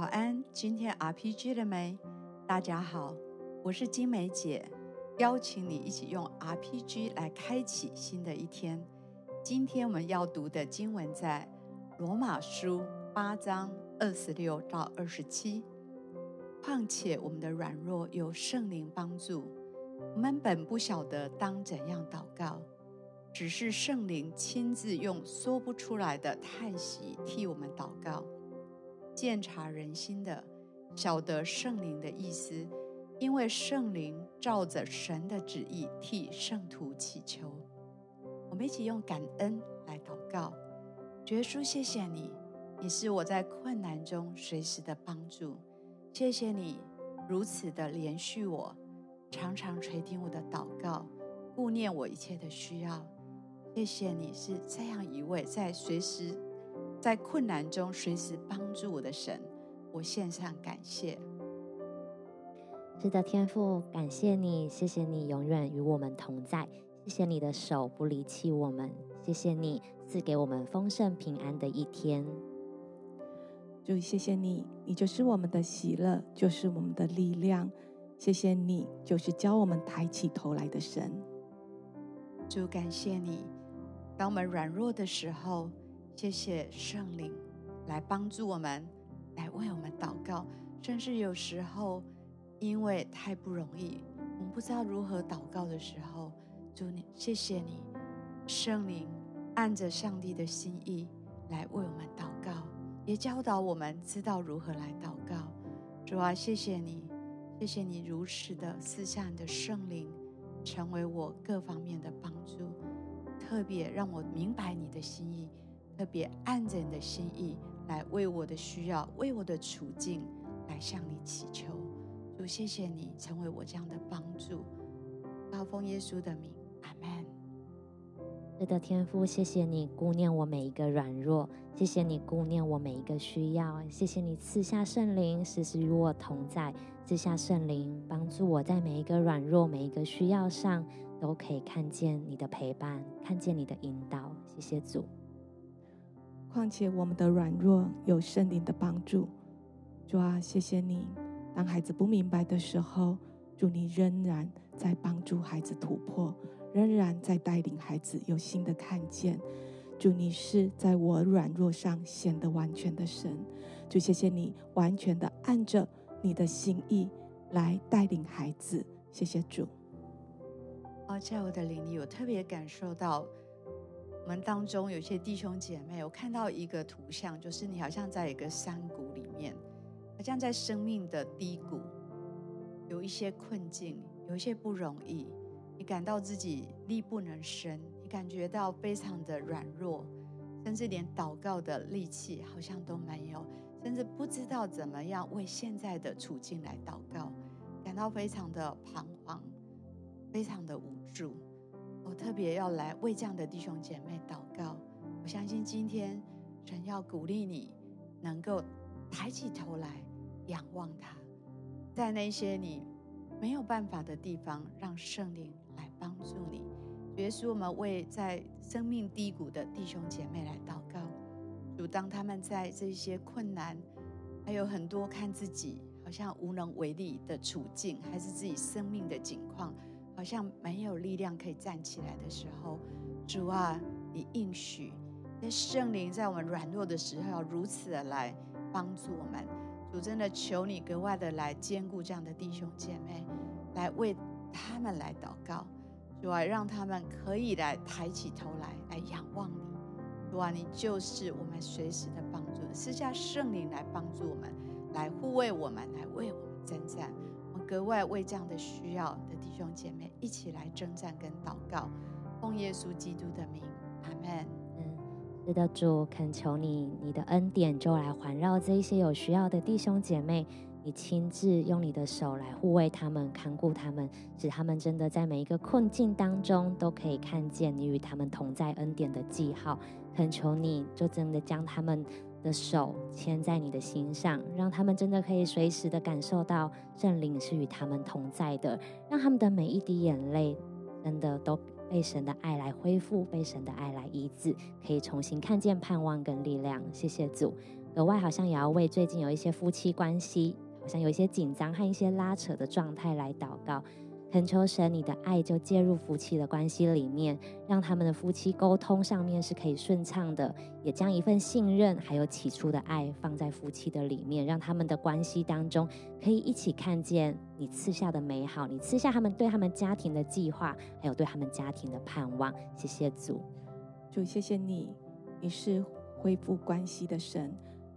早安，今天 RPG 了沒？大家好，我是晶玫姊，邀請你一起用 RPG 來開啟新的一天。今天我們要讀的經文在羅馬書八章二十六到二十七。況且我們的軟弱有聖靈幫助，我們本不曉得當怎樣禱告，只是聖靈親自用說不出來的嘆息替我們禱告。鑒察人心的，曉得聖靈的意思，因為聖靈照着神的旨意替聖徒祈求。我們一起用感恩來禱告。主耶穌，謝謝你，你是我在困難中隨時的幫助。謝謝你如此的憐恤我，常常垂聽我的禱告，顧念我一切的需要。謝謝你是這樣一位在隨時。在困難中隨時幫助我的神，我獻上感謝。是的，天父，感謝你，謝謝你永遠與我們同在，謝謝你的手不離棄我們，謝謝你賜給我們豐盛平安的一天。主，謝謝你，你就是我們的喜樂，就是我們的力量。謝謝你，就是教我們抬起頭來的神。主，感謝你，當我們軟弱的時候。謝謝聖靈來幫助我們，來為我們禱告。甚至有時候，因為太不容易，我們不知道如何禱告的時候，主你，謝謝你，聖靈按着上帝的心意來為我們禱告，也教導我們知道如何來禱告。主啊，謝謝你，謝謝你如此地賜下你的聖靈，成為我各方面的幫助，特別讓我明白你的心意。特別按着你的心意來，為我的需要，為我的處境來向你祈求。主，謝謝你成為我這樣的幫助。高奉耶穌的名，阿們。是的，天父，謝謝你顧念我每一個軟弱，謝謝你顧念我每一個需要，謝謝你賜下聖靈，時時與我同在。賜下聖靈，幫助我在每一個軟弱、每一個需要上都可以看見你的陪伴，看見你的引導。謝謝主。況且我們的軟弱有聖靈的幫助，主啊，謝謝你。當孩子不明白的時候，主你仍然在幫助孩子突破，仍然在帶領孩子有新的看見。主你是在我軟弱上顯得完全的神，主謝謝你完全的按着你的心意來帶領孩子。謝謝主。而且我的靈裡，我特別感受到。我們當中有些弟兄姐妹，我看到一個圖像，就是你好像在一個山谷裡面，好像在生命的低谷，有一些困境，有一些不容易，你感到自己力不能伸，你感覺到非常的軟弱，甚至連禱告的力氣好像都沒有，甚至不知道怎麼樣為現在的處境來禱告，感到非常的彷徨，非常的無助。我特別要來為這樣的弟兄姐妹禱告。我相信今天神要鼓勵你，能夠抬起頭來仰望他，在那些你沒有辦法的地方，讓聖靈來幫助你。耶穌，我們為在生命低谷的弟兄姐妹來禱告，主，當他們在這些困難，還有很多看自己好像無能為力的處境，還是自己生命的境況。好像沒有力量可以站起來的時候，主啊，你應許那聖靈在我們軟弱的時候，要如此的來幫助我們。主，真的求你格外的來堅固這樣的弟兄姐妹，來為他們來禱告。主啊，讓他們可以來抬起頭來，來仰望你。主啊，你就是我們隨時的幫助，賜下聖靈來幫助我們，來護衛我們，來為我們征戰，戰。格外為這樣的需要的弟兄姐妹一起來征戰跟禱告，奉耶穌基督的名，阿門。嗯，是的主，懇求你，你的恩典就來環繞這一些有需要的弟兄姐妹，你親自用你的手來護衛他們、看顧他們，使他們真的在每一個困境當中都可以看見你與他們同在恩典的記號。懇求你，就真的將他們，的手牽在你的心上，讓他們真的可以隨時的感受到聖靈是與他們同在的，讓他們的每一滴眼淚真的都被神的愛來恢復，被神的愛來醫治，可以重新看見盼望跟力量。謝謝主，額外好像也要為最近有一些夫妻關係好像有一些緊張和一些拉扯的狀態來禱告。懇求神，你的愛就介入夫妻的關係裡面，讓他們的夫妻溝通上面是可以順暢的，也將一份信任還有起初的愛放在夫妻的裡面，讓他們的關係當中可以一起看見你賜下的美好，你賜下他們對他們家庭的計劃，還有對他們家庭的盼望。謝謝主主，主謝謝你，你是恢復關係的神，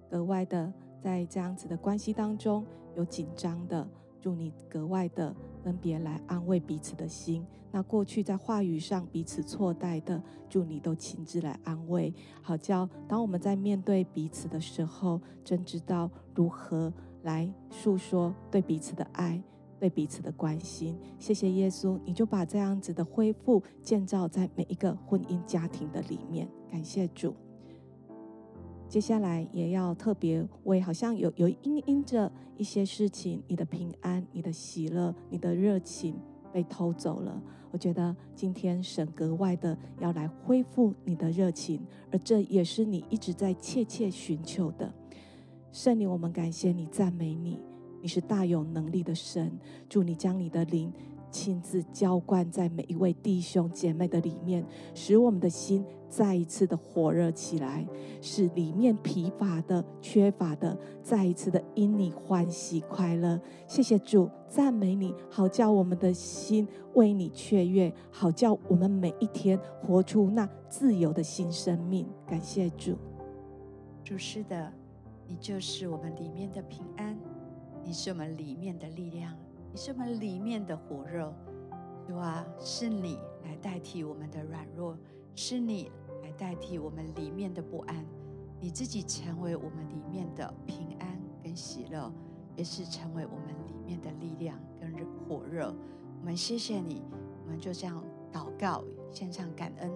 格外的在這樣子的關係當中有緊張的。祝你格外的分別來安慰彼此的心。那過去在話語上彼此錯待的，祝你都親自來安慰。好叫當我們在面對彼此的時候，真知道如何來訴說對彼此的愛，對彼此的關心。謝謝耶穌，你就把這樣子的恢復建造在每一個婚姻家庭的裡面。感謝主。接下來也要特別為好像有有因因着一些事情，你的平安、你的喜樂、你的熱情被偷走了。我覺得今天神格外的要來恢復你的熱情，而這也是你一直在切切尋求的。聖靈，我們感謝你，讚美你，你是大有能力的神。祝你將你的靈，親自澆灌在每一位弟兄姐妹的裡面，使我們的心再一次的火熱起來，使裡面疲乏的、缺乏的再一次的因你歡喜快樂。謝謝主，讚美你，好叫我們的心為你雀躍，好叫我們每一天活出那自由的新生命。感謝主，主是的，你就是我們裡面的平安，你是我們裡面的力量。你是我們裡面的火熱，啊，是你來代替我們的軟弱，是你來代替我們裡面的不安，你自己成為我們裡面的平安跟喜樂，也是成為我們裡面的力量跟火熱。我們謝謝你，我們就這樣禱告，獻上感恩，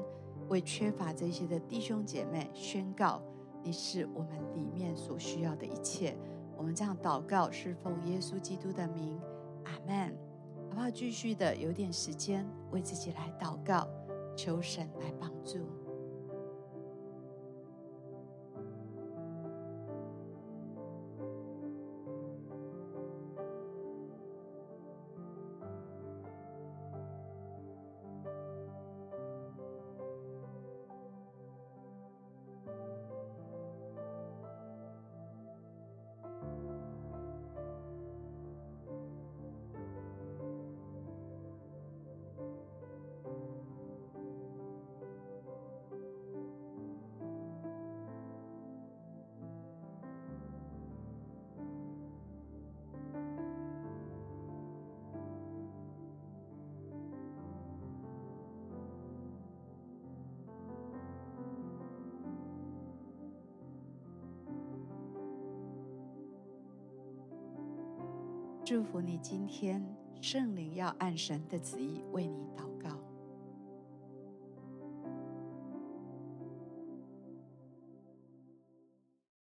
為缺乏這些的弟兄姐妹宣告：你是我們裡面所需要的一切。我們這樣禱告，是奉耶穌基督的名。阿門。好不好？繼續的，有點時間為自己來禱告，求神來幫助。祝福你今天，聖靈要按神的旨意為你禱告。